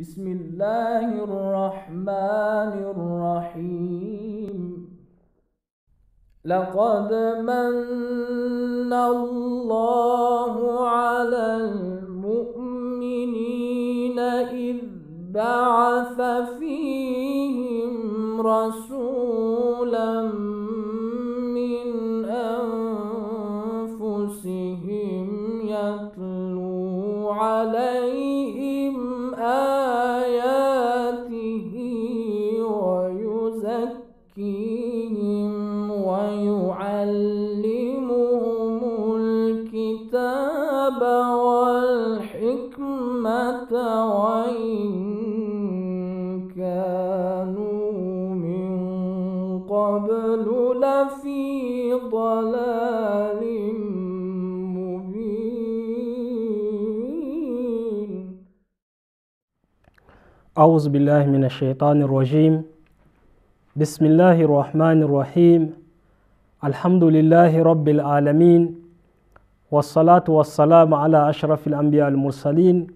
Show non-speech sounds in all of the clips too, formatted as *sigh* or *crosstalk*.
بسم الله الرحمن الرحيم لقد من الله على المؤمنين إذ بعث فيهم رسولا ويعلمهم الكتاب والحكمة وإن كانوا من قبل لفي ضلال مبين أعوذ بالله من الشيطان الرجيم بسم الله الرحمن الرحيم الحمد لله رب العالمين والصلاة والسلام على أشرف الأنبياء المرسلين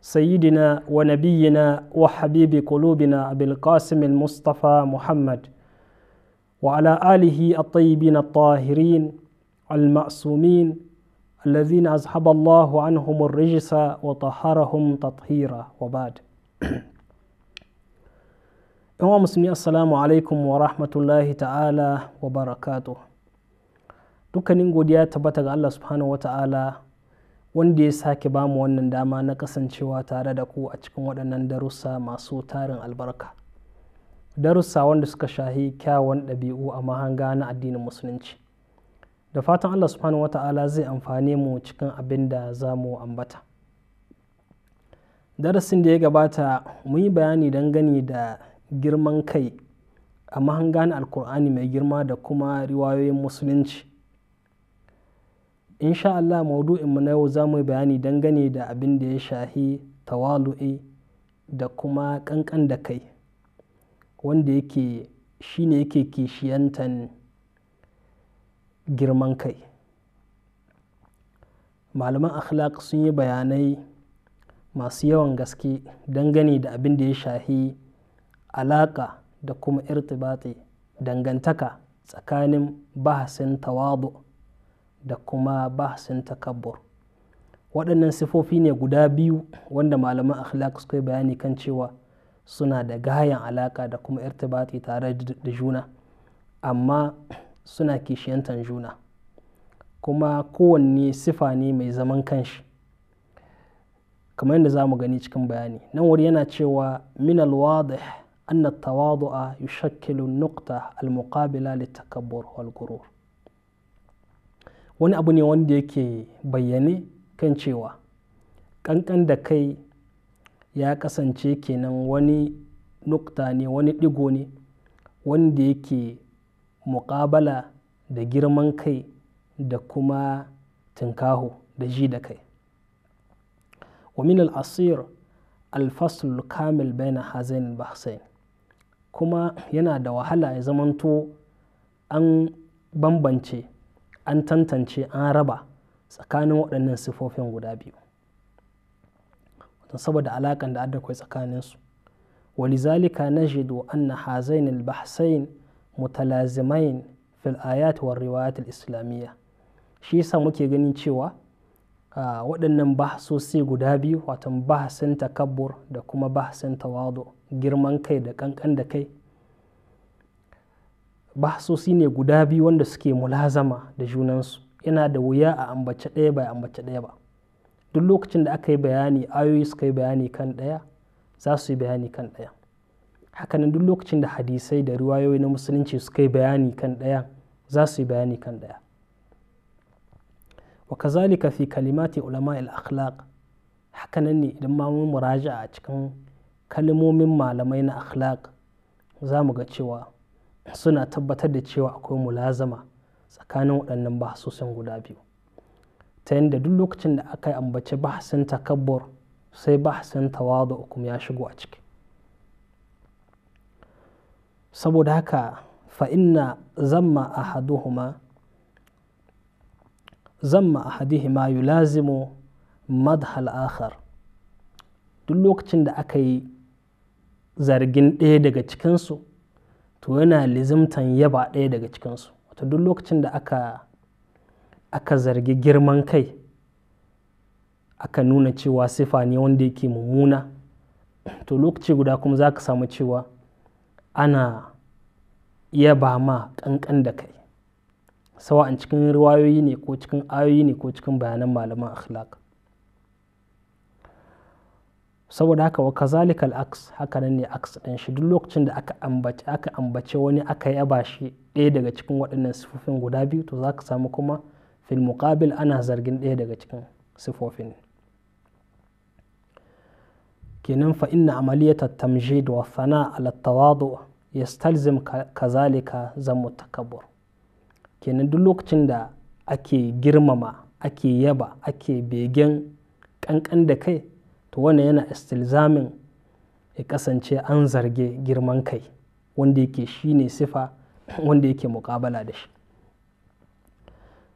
سيدنا ونبينا وحبيب قلوبنا أبي القاسم المصطفى محمد وعلى آله الطيبين الطاهرين المعصومين الذين أزحب الله عنهم الرجس وطهرهم تطهيرا وبعد yanwa musulmi assalamu alaikum wa rahmatullahi ta'ala wa barakatu dukkanin godiya tabbata ga allah subhanahu wa ta'ala wanda ya sake bamu wannan dama na kasancewa tare da ku a cikin waɗannan darussa masu tarin albarka darussa wanda suka shahi kyawun ɗabi'u a mahanga na addinin musulunci da fatan allah subhanahu wa ta'ala zai amfane mu cikin abin da za mu ambata darasin da ya gabata mu yi bayani dangane da girman kai a mahangan alkur'ani mai girma da kuma riwayoyin musulunci insha Allah maudu'in mu na yau za mu yi bayani dangane da abin da ya shahi tawalu'i da kuma kankan da kai wanda yake shi yake kishiyantan girman kai malaman akhlaq sun yi bayanai masu yawan gaske dangane da abin da ya shahi alaƙa da kuma irtibati dangantaka tsakanin bahasin tawadu da kuma bahasin takabbur waɗannan sifofi ne guda biyu wanda malaman akhlaq suka yi bayani kan cewa suna da gayan alaƙa da kuma irtibati tare da juna amma *clears throat* suna kishiyantan juna kuma kowanne sifa ne mai zaman kanshi kamar yadda za mu gani cikin bayani nan wuri yana cewa minal wadih أن التواضع يشكل النقطة المقابلة للتكبر والغرور wani abu ne wanda yake bayyane kan cewa ƙanƙan da kai ya kasance kenan wani nukta ne wani ɗigo ne wanda yake muƙabala da girman kai da kuma tinkaho da ji da kai wa min al-asir al-fasl kamil bayna hazain bahsain kuma yana da wahala ya zamanto an bambance an tantance an raba tsakanin waɗannan sifofin guda biyu saboda alaƙan da adakwai tsakaninsu walizalika najidu anna hazain al-bahsain mutalazimain fil ayat wa riwayat al-islamiyya shi yasa muke ganin cewa waɗannan bahsosi guda biyu watan bahsin takabbur da kuma bahsin tawadu girman kai da kankan da kai bahsosi ne guda biyu wanda suke mulazama da junansu yana da wuya a ambace ɗaya bai ambace ɗaya ba duk lokacin da aka yi bayani ayoyi suka yi bayani kan ɗaya za su yi bayani kan ɗaya hakanan duk lokacin da hadisai da ruwayoyi na musulunci suka yi bayani kan ɗaya za su yi bayani kan ɗaya wa fi kalimati ulama al-akhlaq hakanan ne idan ma mun muraja a cikin kalmomin malamai na akhlaq za mu ga cewa suna tabbatar da cewa akwai mulazama tsakanin waɗannan bahasusun guda biyu ta yadda duk lokacin da aka yi ambaci bahasin takabbur sai bahasin tawadu hukum ya shigo a ciki saboda haka fa'inna zamma ahaduhuma zamma ahadihima yulazimu madhal akhar duk lokacin da aka yi zargin ɗaya daga cikinsu to yana lizimtan yaba ɗaya daga cikinsu wato duk lokacin da aka aka zargi girman kai aka nuna cewa sifa ne wanda yake mummuna to lokaci guda kuma za ka samu cewa ana yaba ma ƙanƙan da kai sawa'an cikin riwayoyi ne ko cikin ayoyi ne ko cikin bayanan malaman akhlaq saboda haka wa kazalikal aks haka nan ne aks ɗin shi duk lokacin da aka ambace aka ambace wani aka yaba shi ɗaya daga cikin waɗannan sifofin guda biyu to zaka samu kuma fil muqabil ana zargin ɗaya daga cikin sifofin kenan fa inna amaliyata tamjid wa fana ala tawadu yastalzim kazalika zammu takabbur kenan duk lokacin da ake girmama ake yaba ake begen kankan da kai wannan yana istilzamin ya kasance an zarge girman kai wanda yake shi ne sifa wanda yake muƙabala da shi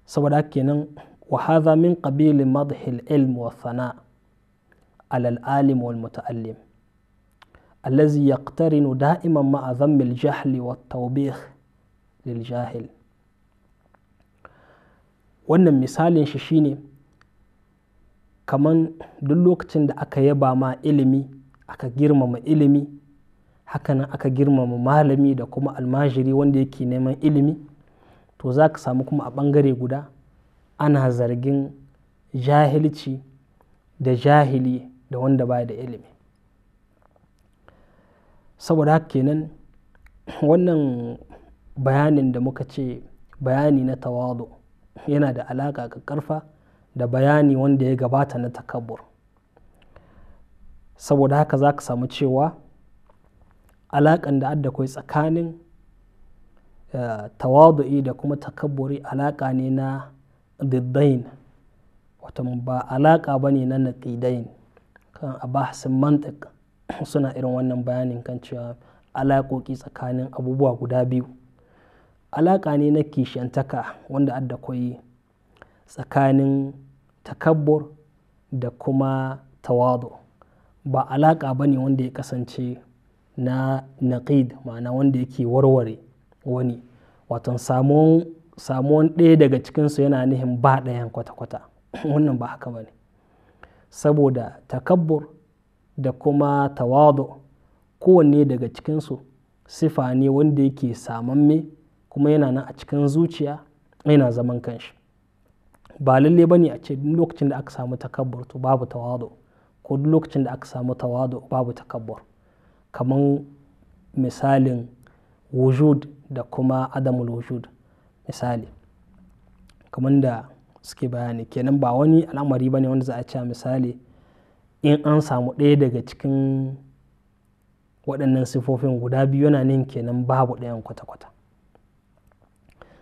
saboda kenan wa hadha min qabili madhil ilm wa thana ala al-alim wal muta'allim الذي يقترن دائما مع ذم الجهل lil jahil wannan misalin shi shine kamar duk lokacin da aka yaba ma ilimi aka girmama ilimi hakanan aka girmama malami da kuma almajiri wanda yake neman ilimi to za ka samu kuma a ɓangare guda ana zargin jahilci da jahili da wanda ba da ilimi saboda haka kenan *clears throat* wannan bayanin da muka ce bayani na tawadu yana da alaƙa karfa. da bayani wanda ya gabata na takabur saboda haka za ka samu cewa alaƙan da adda kai tsakanin eh, tawadu'i da kuma takabburi alaƙa ne na diddain wato ba alaƙa ba ne na naƙidain kan abahasin mantik *clears throat* suna irin wannan bayanin kan cewa alaƙoƙi tsakanin abubuwa guda biyu alaƙa ne na kishiyantaka wanda adda tsakanin takabbur da kuma tawadu ba alaƙa ba ne wanda ya kasance na naqid ma'ana wanda yake warware wani watan samuwan ɗaya daga cikinsu yana nihin ba ɗayan kwata-kwata *clears throat* wannan ba haka ba ne saboda takabbur da kuma tawadu kowanne daga cikinsu sifa ne wanda yake samamme kuma yana nan a cikin zuciya yana zaman kanshi ba lalle bane a ce duk lokacin da aka samu takabbur to babu tawadu ko duk lokacin da aka samu tawadu babu takabbur kaman misalin wujud da kuma adamul wujud misali kaman da suke bayani kenan ba wani al'amari bane wanda za a ce misali in an samu ɗaya daga cikin waɗannan sifofin guda biyu yana nin kenan babu ɗayan kwata-kwata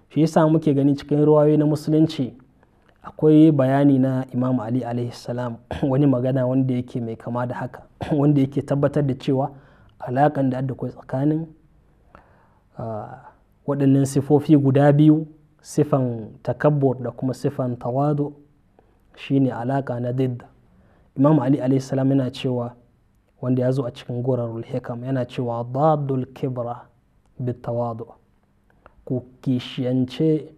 shi yasa muke gani cikin ruwayoyi na musulunci akwai bayani na imam ali salam *clears throat* wani magana wanda yake mai kama da haka *clears throat* wanda yake tabbatar da cewa alaƙan da adda tsakanin ah, waɗannan sifofi guda biyu sifan takabbur da kuma sifan tawadu shine alaƙa na didda imam ali salam yana cewa wanda ya zo a cikin gurarul hikam yana cewa dadul kibra tawadu' ku kishiyance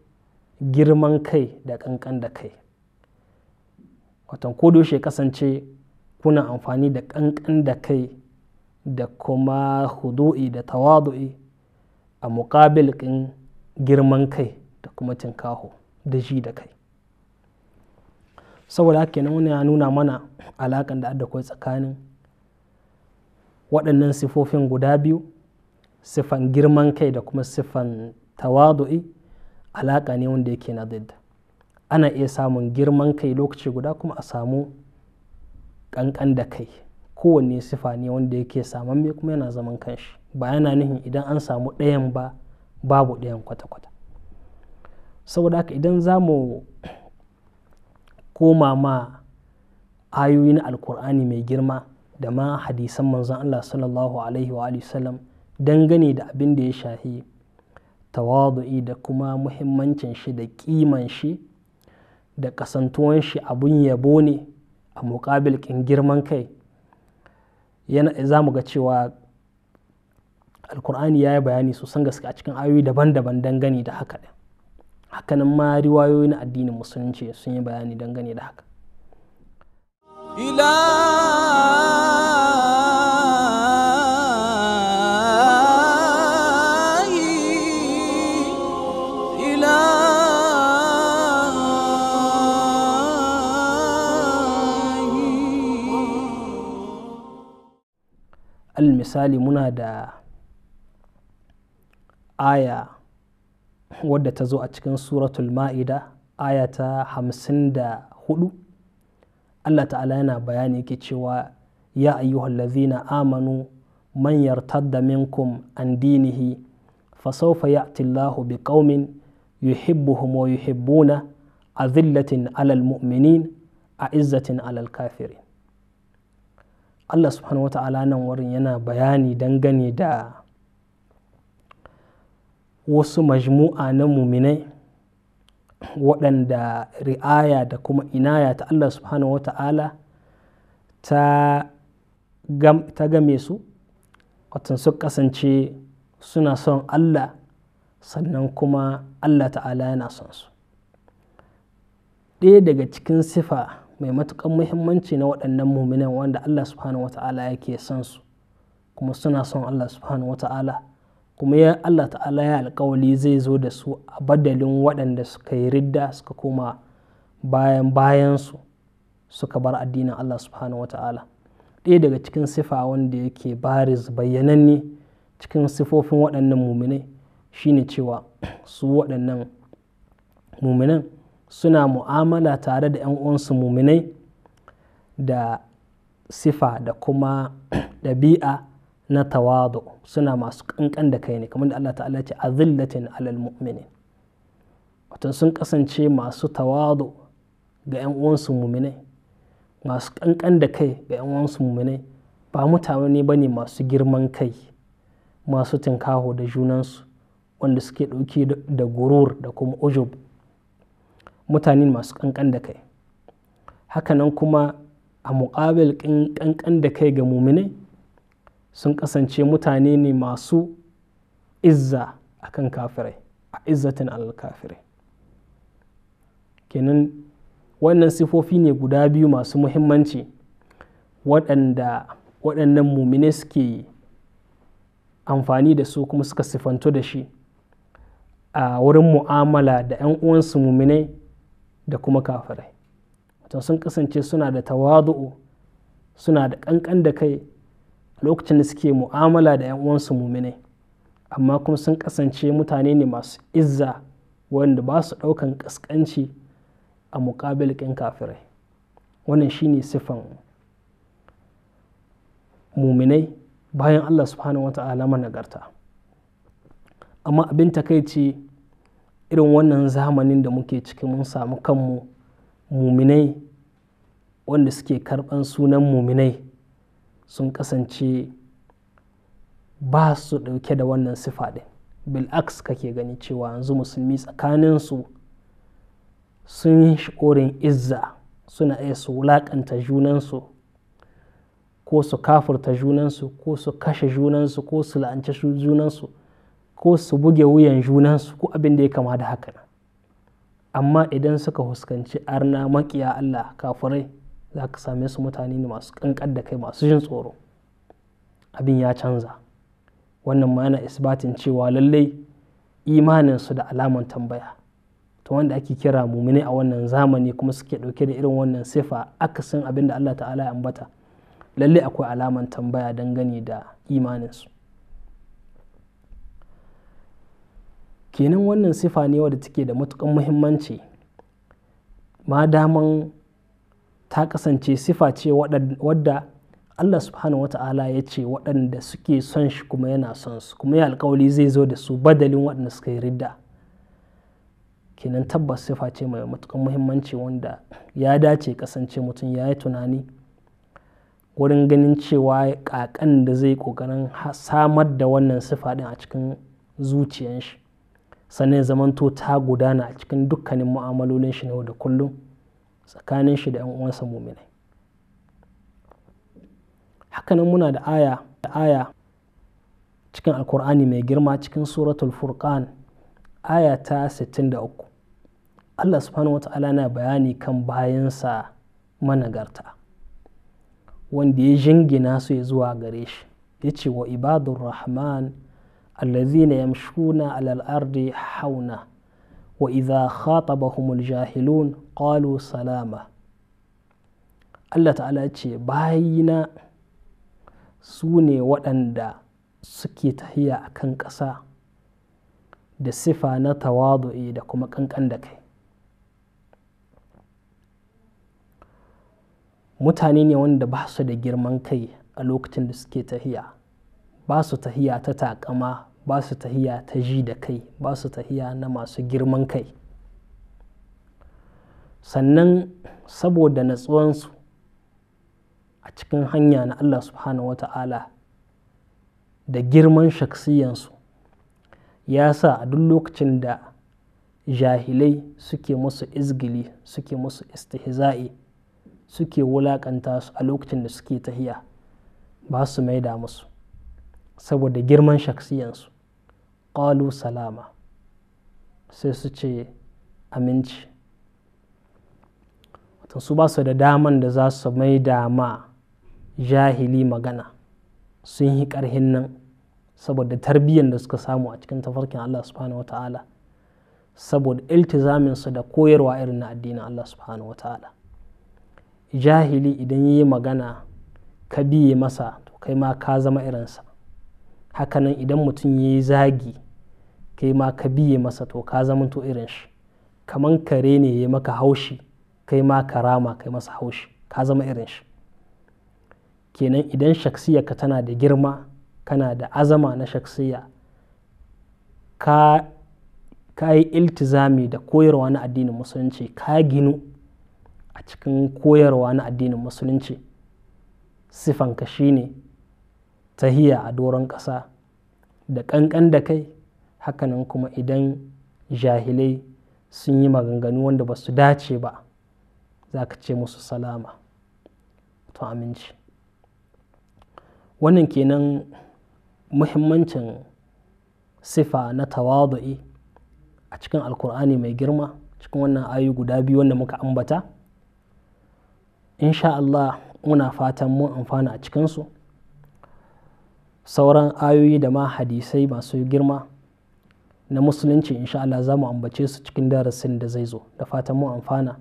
girman kai da kankan da kai watan kodoshe kasance kuna amfani da kankan da kai da kuma hudu'i da tawadu'i a muƙabilin girman kai da kuma tinkaho da ji da kai saboda haka kenan wani ya nuna mana alaƙan da adda tsakanin waɗannan sifofin guda biyu sifan girman kai da kuma sifan tawadu'i alaƙa ne wanda yake na zidda ana iya samun girman kai lokaci guda kuma a samu ƙanƙan da kai kowanne sifa ne wanda yake saman mai kuma yana zaman kanshi ba yana nuhin idan an samu ɗayan ba babu ɗayan kwata-kwata saboda haka idan za mu koma ma ayoyi na alkur'ani mai girma da ma hadisan manzon Allah sallallahu alaihi wa sallam dangane da abin da ya shahi tawadu'i da kuma muhimmancin shi da kiman shi da kasantuwan shi abun yabo ne a muƙabil ƙin girman kai yana za mu ga cewa alkur'ani ya yi bayani su san gaske a cikin ayoyi daban-daban dangane da haka hakanan ma riwayoyi na addinin musulunci sun yi bayani dangane da haka misali muna da aya wadda ta zo a cikin suratul ma'ida aya ta hamsin da hudu Allah ta'ala yana bayani yake cewa ya ayyuhallazina amanu man yartadda minkum an dinihi fasawfa ya'ti Allahu biqaumin yuhibbuhum wa yuhibbuna azillatin alal mu'minin a'izzatin alal kafirin Allah subhanahu wata'ala nan wurin yana bayani dangane da wasu majmu'a na muminai waɗanda ri'aya da kuma inaya ta Allah subhanahu wata'ala ta game su watan su kasance suna son Allah sannan kuma Allah ta'ala yana son su ɗaya daga cikin sifa mai matukan muhimmanci na waɗannan muminan wanda Allah subhanahu ta'ala yake son su kuma suna son Allah subhanahu ta'ala kuma ya Allah ta'ala ya alƙawali zai zo da su a badalin waɗanda suka yi ridda suka koma bayan bayan su suka bar addinin Allah subhanahu ta'ala ɗaya daga cikin sifa wanda yake baris bayyananne cikin sifofin waɗannan muminai shine cewa su waɗannan muminan suna mu'amala tare da 'yan uwansu muminai da sifa da kuma *clears throat* ɗabi'a na tawadu suna masu ƙanƙan da kai ne kamar da Allah ta'ala ce azillatin alal mu'minin wato sun kasance masu tawadu ga 'yan uwansu muminai masu ƙanƙan da kai ga 'yan uwansu muminai ba mutane ba ne masu girman kai masu tinkaho da junansu wanda suke ɗauki da gurur da kuma ujub mutane masu kankan da kai hakanan kuma a muƙabil kankan da kai ga muminai sun kasance mutane ne masu izza akan kafirai a izzatin alkafirai kenan wannan sifofi ne guda biyu masu muhimmanci waɗanda waɗannan mumine suke yi amfani da su kuma suka sifanto da shi a wurin mu'amala da 'yan uwansu muminai da kuma kafirai wato sun kasance suna da tawadu'u suna da kankan da kai lokacin da suke mu'amala da 'yan uwansu muminai amma kuma sun kasance mutane ne masu izza wanda ba su ɗaukan ƙasƙanci a muƙabilin kafirai wannan shine sifan muminai bayan allah subhanahu wata'ala managarta amma abin takaici irin wannan zamanin da muke ciki mun samu kanmu muminai wanda suke karɓan sunan muminai sun kasance ba su ɗauke da wannan sifa ɗin bil'aks kake gani cewa yanzu musulmi tsakaninsu sun yi shi'orin izza suna iya su wulaƙanta junansu ko su kafurta junansu ko su kashe junansu ko su la'anci junansu ko su buge wuyan junansu ko abin da ya kama da haka amma idan suka huskanci arna makiya Allah kafirai za ka same su mutane ne masu kankan da kai masu jin tsoro abin ya canza wannan ma yana isbatin cewa lallai imaninsu da alaman tambaya to wanda ake kira mumini a wannan zamani kuma suke dauke da irin wannan sifa akasin abin da Allah ta'ala ya ambata lallai akwai alaman tambaya dangane da imaninsu kenan wannan sifa ne wadda take da matukan muhimmanci ma daman ta kasance sifa ce wadda Allah subhanahu wa ta'ala ya ce waɗanda suke son shi kuma yana son su kuma ya alkawali zai zo da su badalin waɗanda suka yi ridda kenan tabbas sifa ce mai matukan muhimmanci wanda ya dace kasance mutum ya yi tunani wurin ganin cewa kakan da zai kokarin samar da wannan sifa ɗin a cikin zuciyan shi sannan zamanto ta gudana a cikin dukkanin mu'amalolin shi na da kullum tsakanin shi da 'yan uwansa muminai hakanan muna da aya da aya cikin alkur'ani mai girma cikin suratul furqan aya ta 63 Allah subhanahu wata'ala na bayani kan bayansa managarta wanda ya jingina su zuwa gare shi ya ce wa ibadun rahman na yamshuna alal ardi hauna wa idza humul jahilun qalu salama Allah ta'ala ce bayina sune waɗanda suke tahiya a kan ƙasa da sifa na tawadu'i da kuma ƙanƙan kai mutane ne wanda ba su da girman kai a lokacin da suke tahiya ba su tahiya ta takama ba su tahiya ta ji da kai ba su tahiya na masu girman kai sannan saboda natsuwansu a cikin hanya na Allah subhanahu wata'ala da girman shaksiyansu ya sa a duk lokacin da jahilai suke musu izgili suke musu istihza'i suke wulakanta su a lokacin da suke tahiya ba su maida musu saboda girman shaksiyansu ƙalu salama sai su ce aminci wato su ba su da daman da za su mai dama jahili magana sun yi ƙarhin nan saboda tarbiyyar da suka samu a cikin tafarkin Allah subhanahu wa ta'ala saboda iltizaminsu da koyarwa irin na addinin Allah subhanahu wa ta'ala jahili idan yi magana ka biye masa to kai ma ka zama irinsa hakanan idan mutum ya yi zagi kai ma ka biye masa to ka to irin shi kaman kare ne ya maka haushi kai ma ka rama kai masa haushi ka zama irin shi kenan idan ka tana da girma kana da azama na shaksiya ka yi iltizami da koyarwa na addinin musulunci ka ginu a cikin koyarwa na addinin musulunci sifanka ne. tahiya a doron ƙasa da ƙanƙan da kai hakanan kuma idan jahilai sun yi maganganu wanda ba su dace ba za ka ce musu salama to aminci wannan kenan muhimmancin sifa na tawadu'i a cikin alkur'ani mai girma cikin wannan ayu guda biyu wanda muka ambata insha Allah muna fatan mun amfana a cikinsu sauran ayoyi da ma hadisai masu girma na musulunci insha Allah za mu ambace su cikin darasin da zai zo da fatan mu amfana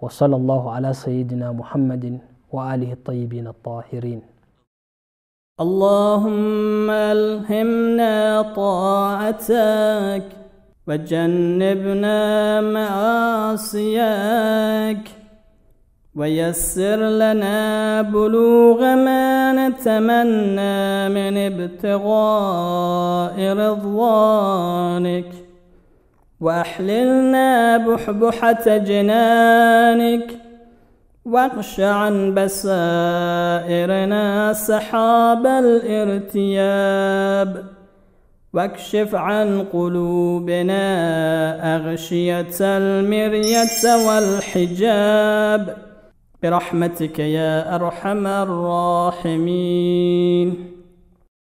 wa sallallahu ala sayyidina muhammadin wa alihi tayyibin at tahirin اللهم ألهمنا طاعتك وجنبنا معاصيك ويسر لنا بلوغ ما نتمنى من ابتغاء رضوانك واحللنا بحبحه جنانك واغش عن بسائرنا سحاب الارتياب واكشف عن قلوبنا اغشيه المريه والحجاب برحمتك يا أرحم الراحمين